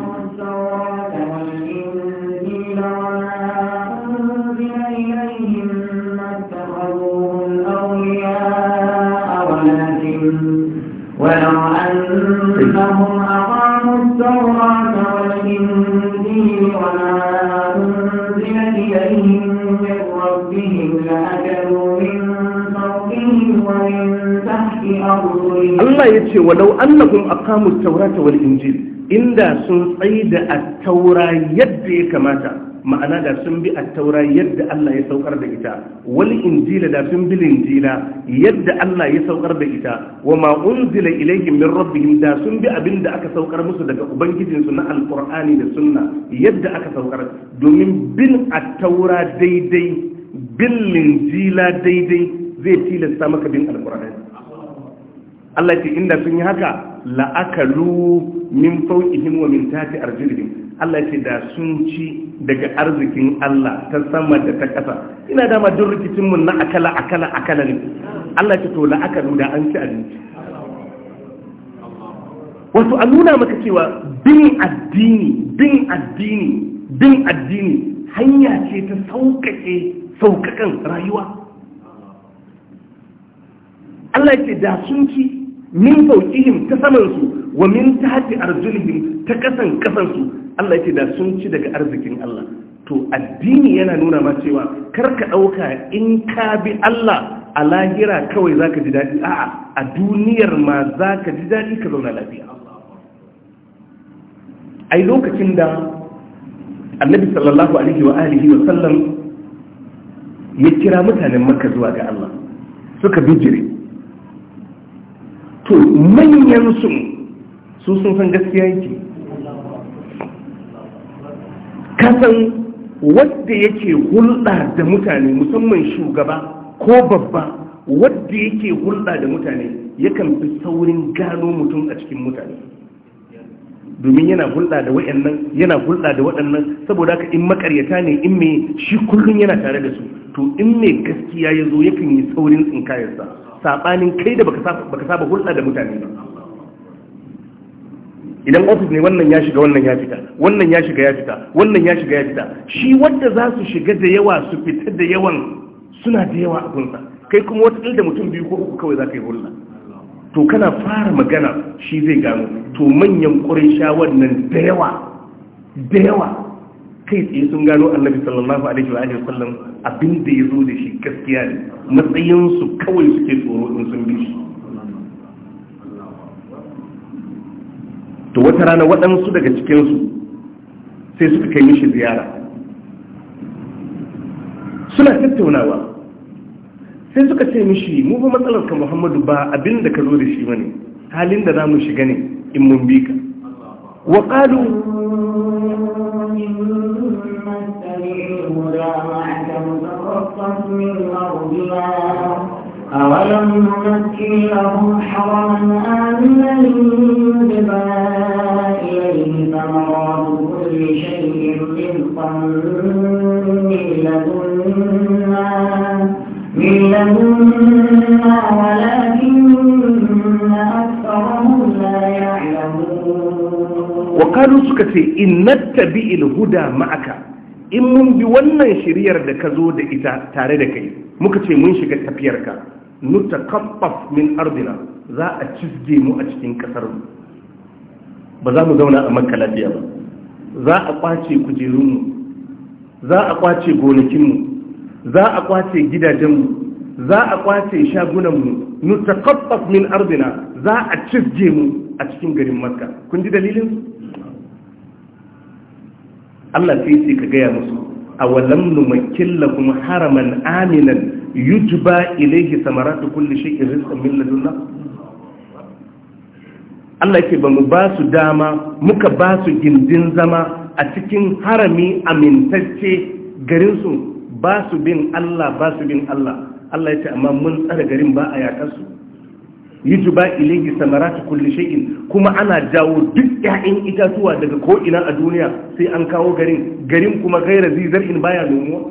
ولو أنهم أقاموا التوراة وما أنزل إليهم من ربهم لأكلوا من فوقهم ومن Allah ya
ce walau annahum aqamu at-taurata wal injil inda sun tsaida at-taura yadda ya kamata ma'ana da sun bi at-taura yadda Allah ya saukar da ita wal injila da sun bi injila yadda Allah ya saukar da ita wa ma unzila ilayhim min rabbihim da sun bi abinda aka saukar musu daga ubangijin su na alqur'ani da sunna yadda aka saukar domin bin at-taura daidai bin linjila daidai zai tilasta maka bin alqur'ani Allah ce inda sun yi haka la'akalu min fawqihim wa min tafi arjulihim Allah ce da sun ci daga arzikin Allah ta sama da ta ƙasa ina dama duk rikicin mun na akala akala akala ne Allah ce to la'akalu da an ci abinci wato a nuna maka cewa bin addini bin addini bin addini hanya ce ta sauƙaƙe sauƙaƙan rayuwa Allah ce da sun ci min fauqihim ta saman su wa min tahti arjulihim ta kasan kasan su Allah yake da sun ci daga arzikin Allah to addini yana nuna ma cewa kar ka dauka in ka bi Allah a lahira kawai zaka ji dadi a'a a duniyar ma zaka ji dadi ka zauna lafiya ai lokacin da annabi sallallahu alaihi wa alihi wa sallam ya kira mutanen makka zuwa ga Allah suka bijire to manyan su su sun san gaskiya yake kasan wadda yake hulɗa da mutane musamman shugaba ko babba wadda yake hulɗa da mutane yakan fi saurin gano mutum a cikin mutane domin yana hulɗa da waɗannan yana hulɗa da waɗannan saboda haka in makaryata ne in me shi kullum yana tare da su to in mai gaskiya ya zo yakan yi saurin tsinkayarsa saɓanin kai da baka saba hulɗa da mutane ba idan ofis ne wannan ya shiga wannan ya fita wannan ya shiga ya fita wannan ya shiga ya fita shi wadda za su shiga da yawa su fita da yawan suna da yawa a kunsa kai kuma wata da mutum biyu ko uku kawai za ka yi hulɗa to kana fara magana shi zai gano to manyan ƙurin sha wannan da yawa da yawa kai tsaye sun gano annabi sallallahu alaihi wa sallam abin da ya zo da shi gaskiya ne matsayinsu kawai suke tsoro in sun bi shi to wata rana waɗansu daga cikinsu sai suka kai mishi ziyara suna tattaunawa sai suka ce mishi mu ba matsalar ka muhammadu ba abin da ka zo da shi ba ne halin da za mu shiga ne in mun bi ka wa
وأشرقت من أولم نمكن لهم حرما آمنا يجبى إليه ثمرات كل شيء رزقا من لدنا من لدنا ولكن أكثرهم لا يعلمون وقالوا
سكتي إن نتبئ الهدى معك in mun bi wannan shiriyar da ka zo da ita tare da kai muka ce mun shiga tafiyarka nuta kafaf min ardina za a cizge mu a cikin kasar mu ba za mu zauna a makka lafiya ba za a kwace kujerunmu za a kwace gonakinmu za a kwace gidajenmu za a kwace shagunanmu nuta kafaf min ardina za a cizge mu a cikin garin makka kun ji dalilin Allah sai sai ka gaya musu a walam numakkin lakum haraman aminan yujba ilaihi samaratu kulli shay'in rizqan min ladunna Allah yake ba mu ba su dama muka ba su gindin zama a cikin harami amintacce garin su ba su bin Allah ba su bin Allah Allah ya amma mun tsara garin ba a yakarsu yujba ilayhi samaratu kulli shay'in kuma ana jawo duk 'ya'yan itatuwa daga ko ina a duniya sai an kawo garin garin kuma gaira in baya nomuwa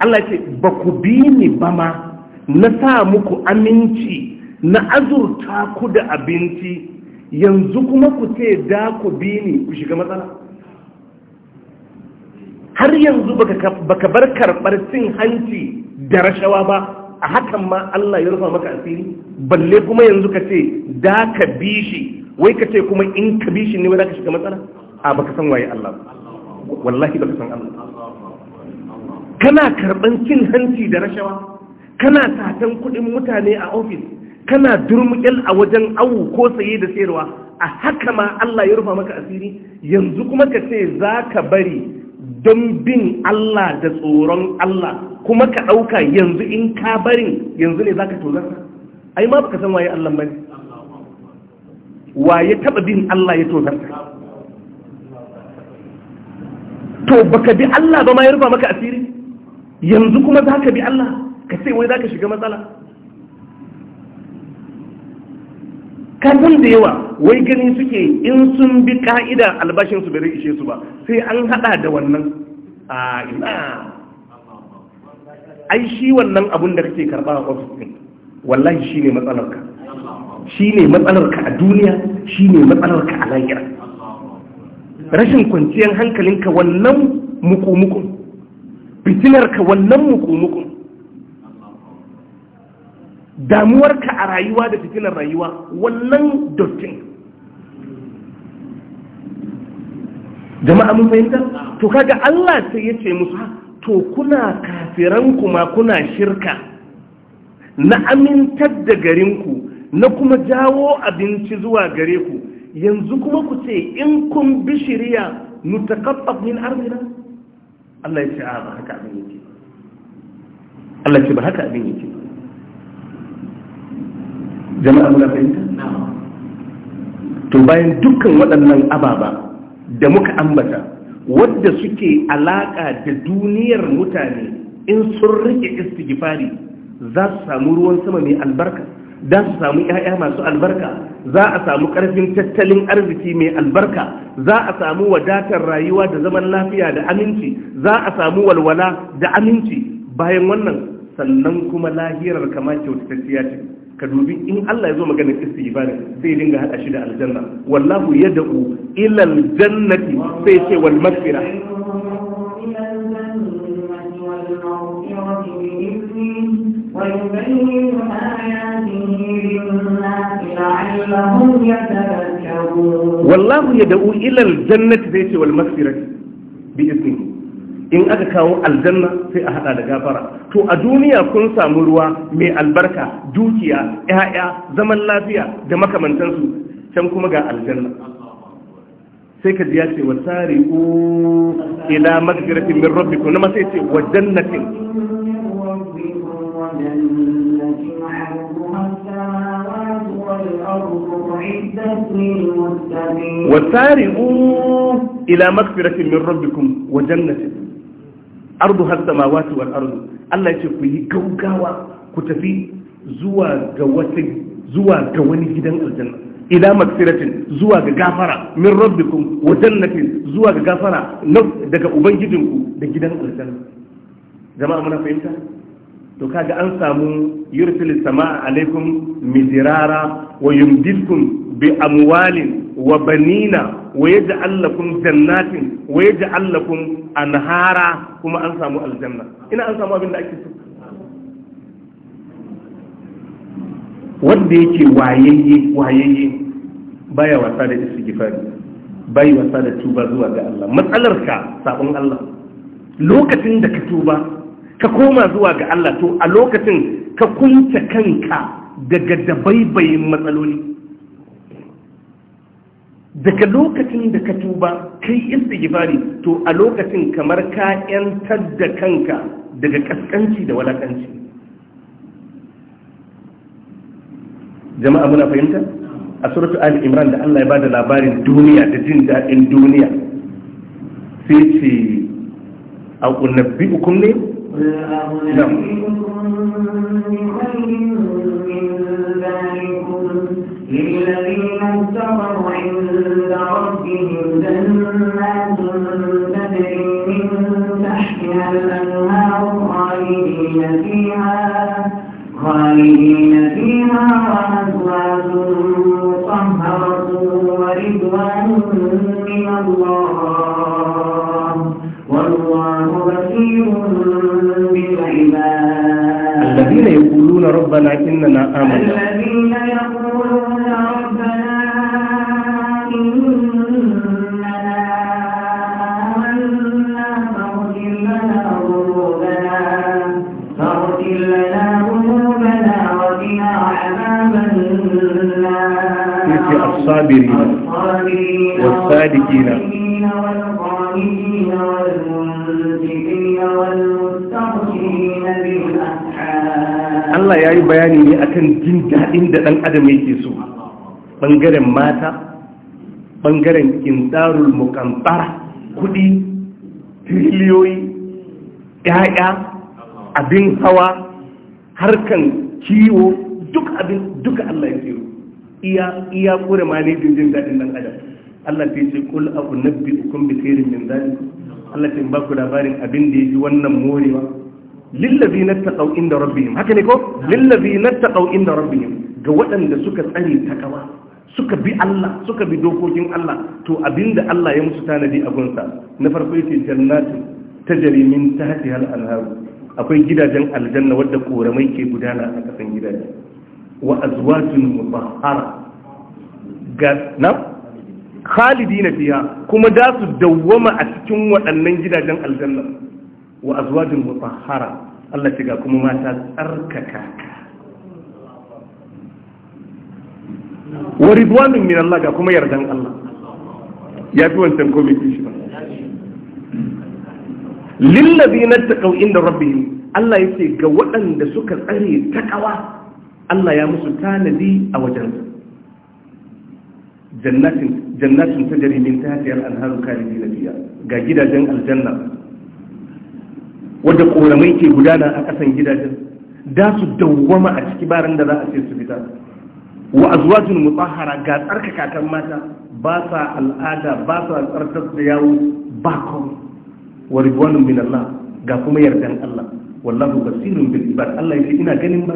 Allah ce ba ku bi ni ba ma na sa muku aminci na azurta ku da abinci yanzu kuma ku ce da ku bi ni ku shiga matsala har yanzu baka bar karɓar cin hanci da rashawa ba a hakan ma Allah ya rufa maka asiri balle kuma yanzu ka ce da ka bi wai ka ce kuma in ka bishi ne wai za ka shiga matsala a baka san waye Allah wallahi baka san Allah kana karban cin hanci da rashawa kana tatan kuɗin mutane a ofis kana durmuƙil a wajen awu ko saye da sayarwa a haka ma Allah ya rufa maka asiri yanzu kuma ka ce za ka bari don bin Allah da tsoron Allah kuma ka ɗauka yanzu in ka barin yanzu ne za ka tozarta ai ma baka san waye Allah ba ne waye taɓa bin Allah ya tozarta to baka bi Allah ba ma ya rufa maka asiri yanzu kuma za ka bi Allah ka ce wai za ka shiga matsala kafin da yawa wai gani suke in sun bi ka'ida albashin su bai ishe su ba sai an hada da wannan a ina ai shi wannan abun da kake karba a ofis din wallahi shine matsalar ka shine matsalar ka a duniya shine matsalar ka a lahira rashin kwanciyar hankalinka wannan mukumukun fitinar ka wannan mukumukun Damuwar ka a rayuwa da fitilar rayuwa wannan dottin jama'a mun fahimta to kaga Allah sai ya ce musu to kuna kafiran kuma kuna shirka na amintar da garinku na kuma jawo abinci zuwa gare ku yanzu kuma ku ce in kun bi shirya nutakaffaf min arzina Allah ya ce ba haka abin yake Allah ce ba haka abin yake jama'a muna fahimta to bayan dukkan waɗannan ababa da muka ambata wadda suke alaƙa da duniyar mutane in sun rike istighfari za su samu ruwan sama mai albarka za su samu 'ya'ya masu albarka za a samu ƙarfin tattalin arziki mai albarka za a samu wadatar rayuwa da zaman lafiya da aminci za a samu walwala da aminci bayan wannan sannan kuma lahirar kama kyautatacciya ce ka dubi in Allah ya zo maganar istighfari sai dinga hada shi da aljanna wallahu yad'u ila aljannati sai ce wal maghfira
wallahu yad'u
ila aljannati sai ce wal maghfira bi iznihi in aka kawo aljanna sai a hada da gafara to a duniya kun samu ruwa mai albarka dukiya ya'ya zaman lafiya da makamantansu can kuma ga aljanna sai ka ji ya ce wa sari'u ila magfiratin min rabbikum na sai ce wa jannatin
wa sari'u
ila magfiratin min rabbikum wa jannatin ardu har samawati wal ardu Allah ce ku yi gaugawa ku tafi zuwa ga wata zuwa ga wani gidan aljanna ila maksiratin zuwa ga gafara min rabbikum wa jannatin zuwa ga gafara daga ubangijinku da gidan aljanna jama'a muna fahimta to kaga an samu yursilu sama'a alaikum midirara wa yumdidkum bi amwalin wa banina wa yaj'al lakum jannatin wa yaj'al lakum anhara kuma an samu aljanna ina an samu abin da ake so wanda yake wayayye wayayye baya wasa da istighfar bai wasa da tuba zuwa ga Allah matsalarka sabon Allah lokacin da ka tuba ka koma zuwa ga Allah to a lokacin ka kunta kanka daga dabaibayin matsaloli daga lokacin da ka tuba kai istighfari to a lokacin kamar ka yantar da kanka daga kaskanci da walakanci jama'a muna fahimta a suratu ali imran da Allah ya bada labarin duniya da jin daɗin duniya sai ce a unabbi hukum ne نعم.
للذين اتقوا عند ربهم جنات تجري من تحتها الأنهار خالدين فيها خالدين مطهرة ورضوان من الله يقولون ربنا إننا آمنا الذين يقولون ربنا إننا آمنا لنا لنا الصابرين والصادقين والصابرين
Allah ya yi bayani ne a kan jin daɗin da ɗan adam yake so ɓangaren mata ɓangaren kintarul mukantara kuɗi tiriliyoyi, ‘ya'ya abin hawa harkan kiwo duk abin duka Allah ya tsiro iya iya kure ma ne jin daɗin ɗan adam Allah ta ce kul abu nabbi ukun bi khairin min zalik Allah ta ba ku labarin abin da yafi wannan morewa lillazi na taƙau inda rabbihim haka ne ko lillazi na taƙau inda rabbihim ga waɗanda suka tsare takawa suka bi Allah suka bi dokokin Allah to abinda Allah ya musu tanadi a gunsa, na farko yake jannatu tajri min tahtiha al-anhar akwai gidajen aljanna wadda koramai ke gudana a kasan gidajen wa azwajun mutahhara ga na khalidina fiha kuma da su dawwama a cikin waɗannan gidajen aljanna wa azwajin mutahara Allah ce ga kuma mata tsarkaka wa ridwanin min Allah ga kuma yardan Allah ya fi wancan komai kishi ba lillazina taqaw inda rabbihim Allah yake ga waɗanda suka tsare takawa Allah ya musu tanadi a wajen. jannatin jannatin tajri min tahtiha al-anharu khalidina fiha ga gidajen aljanna
wadda koramai
ke gudana a kasan gidajen da su dawwama a ciki barin da za a ce su fita wa azwajun mutahhara ga tsarkaka kan mata ba sa al'ada ba sa tsarkar da yawo ba kawai wa ridwanun min Allah ga kuma yardan Allah wallahu basirun bil ibad Allah yake ina ganin ba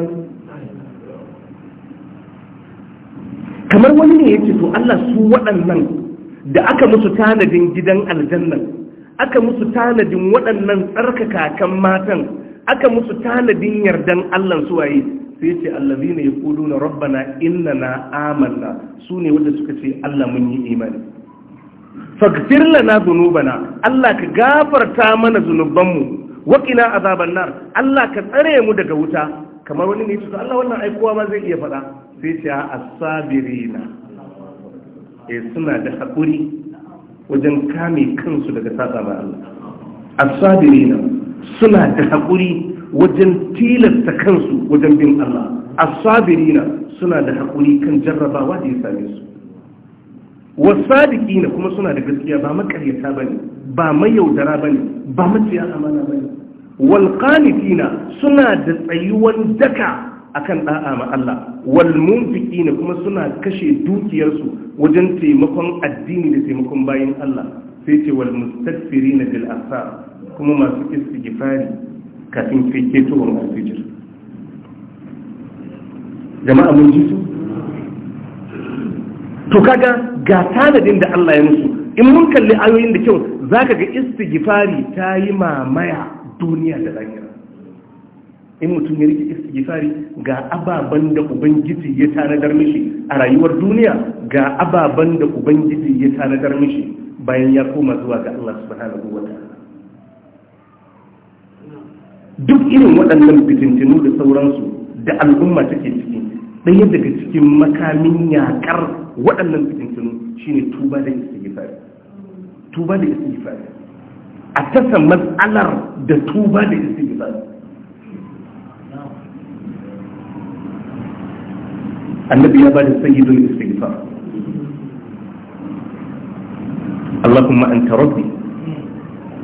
kamar wani ne yake to Allah su waɗannan da aka musu tanadin gidan aljannan aka musu tanadin waɗannan tsarkaka kan matan aka musu tanadin yardan Allah waye sai ce allazi ne ya kudu na rabbana inna na amanna su ne wadda suka ce Allah mun yi imani faghfir lana zunubana Allah ka gafarta mana zunubanmu waƙina azaban nar Allah ka tsare mu daga wuta kamar wani ne ya ce Allah wannan aikowa ma zai iya faɗa sai ce a asabirina eh suna da hakuri wajen kame kansu daga saba ma Allah as suna da hakuri wajen tilasta kansu wajen bin Allah as-sabirina suna da hakuri kan jarrabawa da ya same su wasadiki na kuma suna da gaskiya ba makaryata bane ba mayaudara bane ba maciya amana bane walqanitina suna da tsayuwan daka akan da'a ma Allah wal munfiqina kuma suna kashe dukiyarsu wajen taimakon addini da taimakon bayin Allah sai ce wal mustakfirina bil asar kuma masu istighfari kafin wannan asijir jama'a mun ji su to kaga ga tanadin da Allah ya musu in mun kalli ayoyin da kyau zaka ga istighfari ta yi mamaya duniya da lafiya. in mutum ya rike istighfari ga ababan da ubangiji ya tanadar mishi a rayuwar duniya ga ababan da ubangiji ya tanadar mishi bayan ya koma zuwa ga Allah subhanahu wa ta'ala duk irin waɗannan fitintinu da sauransu da al'umma take ciki ɗaya daga cikin makamin yakar waɗannan fitintinu shine tuba da istighfari tuba da istighfari a tasa matsalar da tuba da istighfari annabi ya bada sayyidul istighfar Allahumma anta rabbi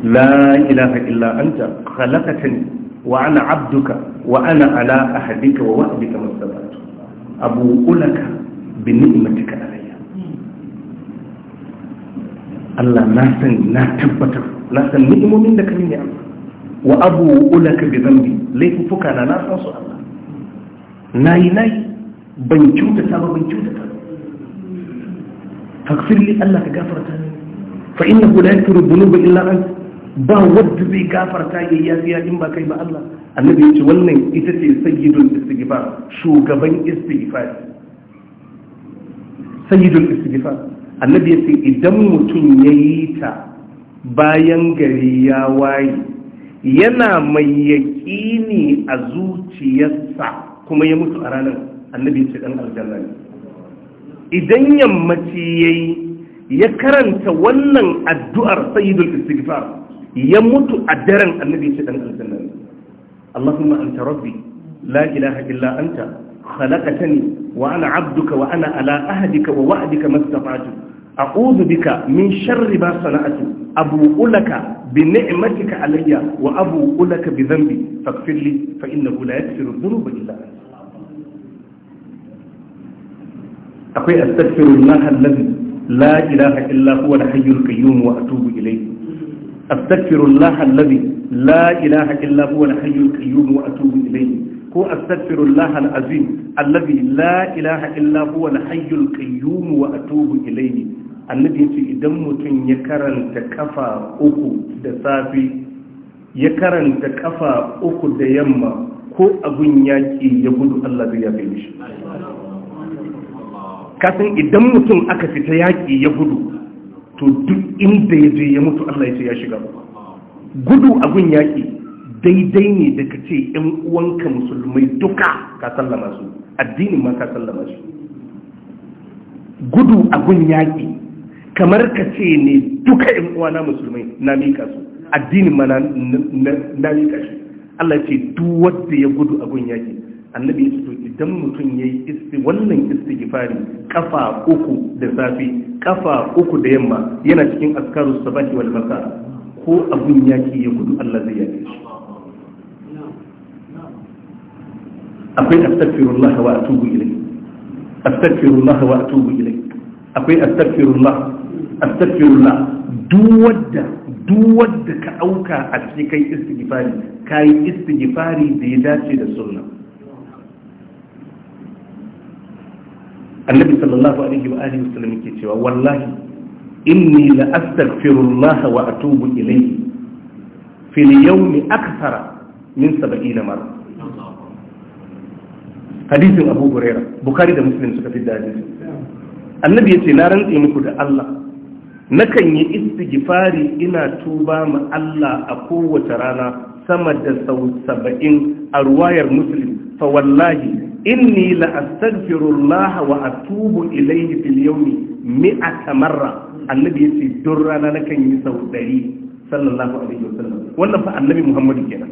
la ilaha illa anta khalaqtani wa ana abduka wa ana ala ahadika wa wa'dika masabatu abu ulaka bi ni'matika alayya Allah na san na tabbatar na san ni'imomin da kake ne wa abu ulaka bi dhanbi laifuka na na san su Allah nayi nayi ban ta ba ban ta faghfir li Allah ka gafarta ne. fa hu la yaghfiru dhunuba illa an ba wadda zai gafarta ya ya in ba kai ba Allah annabi ya ce wannan ita ce sayyidul istighfar shugaban istighfar sayyidul istighfar annabi ya ce idan mutum ya yi ta bayan gari ya waye yana mai yaƙini a zuciyarsa kuma ya mutu a ranar annabi ce dan aljanna ne idan yammaci yayi ya karanta wannan addu'ar sayidul istighfar ya mutu a daren annabi ce dan aljanna ne Allahumma anta rabbi la ilaha illa anta khalaqtani wa ana abduka wa ana ala ahdika wa wa'dika mastata'tu a'udhu bika min sharri ma sana'tu abu'u laka bi ni'matika alayya wa abu'u laka bi dhanbi faghfir li fa innahu la yaghfiru dhunuba illa anta akwai astaghfirullah allazi la ilaha illa huwa al-hayyul qayyum wa atubu ilayhi astaghfirullah allazi la ilaha illa huwa al-hayyul qayyum wa atubu ilayhi ko astaghfirullah al-azim allazi la ilaha illa huwa al-hayyul qayyum wa atubu ilayhi annabi yace idan mutum ya karanta kafa uku da safi ya karanta kafa uku da yamma ko abun yaki ya gudu Allah zai yafe shi kasan idan mutum aka fita yaƙi ya gudu to duk inda ya je ya mutu Allah ya ce ya shiga gudu a gun yaƙi daidai ne da ka ce ‘yan uwanka musulmai duka ka sallama su addinin ma ka sallama su gudu a gun yaƙi kamar ka ce ne duka ‘yan uwana musulmai na mika su addinin ma na mika shi Allah ce duk wanda ya gudu a gun yaƙi annabi su to idan mutum ya yi isti wannan isti gifari kafa uku da safi kafa uku da yamma yana cikin askarun sabahi wal masa ko abun ke ya gudu Allah zai yake akwai astaghfirullah wa atubu ilayhi astaghfirullah wa atubu ilayhi akwai astaghfirullah astaghfirullah duk wadda duk wadda ka auka a cikin istighfari kai istighfari da ya dace da sunna annabi sallallahu alaihi wa alihi wasallam yake cewa wallahi inni la astaghfirullah wa atubu ilayhi fil yawmi akthara min 70 marra Hadithin abu huraira Bukhari da muslim suka fi da hadisi annabi yace na rantse muku da Allah nakan yi istighfari ina tuba ma Allah a kowace rana sama da sau 70 a ruwayar muslim fa wallahi inni la astaghfirullah wa atubu ilayhi fil yawmi mi'ata marra annabi yace duk rana nakan yi sau 100 sallallahu alaihi wasallam wannan fa annabi Muhammad kenan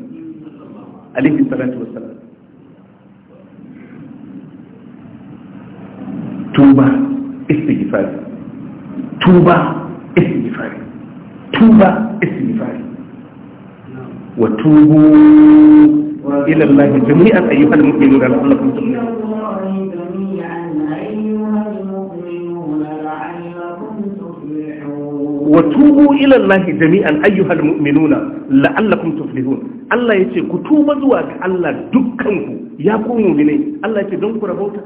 alaihi salatu wassalam tuba istighfar tuba istighfar tuba istighfar wa tubu إلى الله جميعا أيها المؤمنون
لعلكم تفلحون وتوبوا
إلى الله جميعا أيها المؤمنون لعلكم تفلحون الله يتي كتوبة زواج الله دكانكم يا قوموا مني الله يتي دونكم ربوتا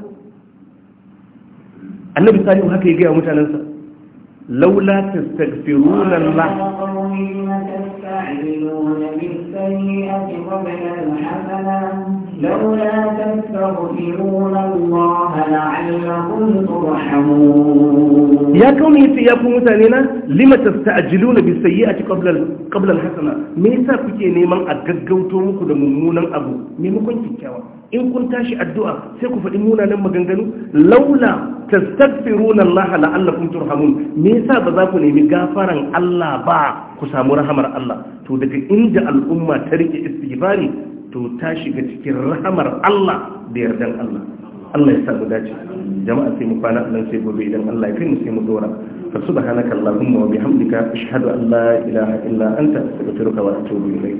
النبي صلى الله عليه وسلم هكذا يجي لولا تستغفرون الله
تستعجلون بالسيئة قبل الحسنة لولا تستغفرون الله لعلكم
ترحمون يا كوني يا متانينا لما تستعجلون بالسيئة قبل قبل الحسنة me yasa kuke neman a gaggauto muku da mummunan abu maimakon kyakkyawa in kun tashi addu'a sai ku faɗi munanan maganganu laula tastaghfiruna Allah la'allakum turhamun me yasa ba za ku nemi gafaran Allah ba ku samu rahamar Allah to daga inda al'umma ta rike istighfari to ta shiga cikin rahamar Allah da yardan Allah Allah ya sa mu dace jama'a sai mu kwana nan sai gobe idan Allah ya kai mu sai mu dora fa subhanaka allahumma wa bihamdika ashhadu an la ilaha illa
anta astaghfiruka wa atubu ilayk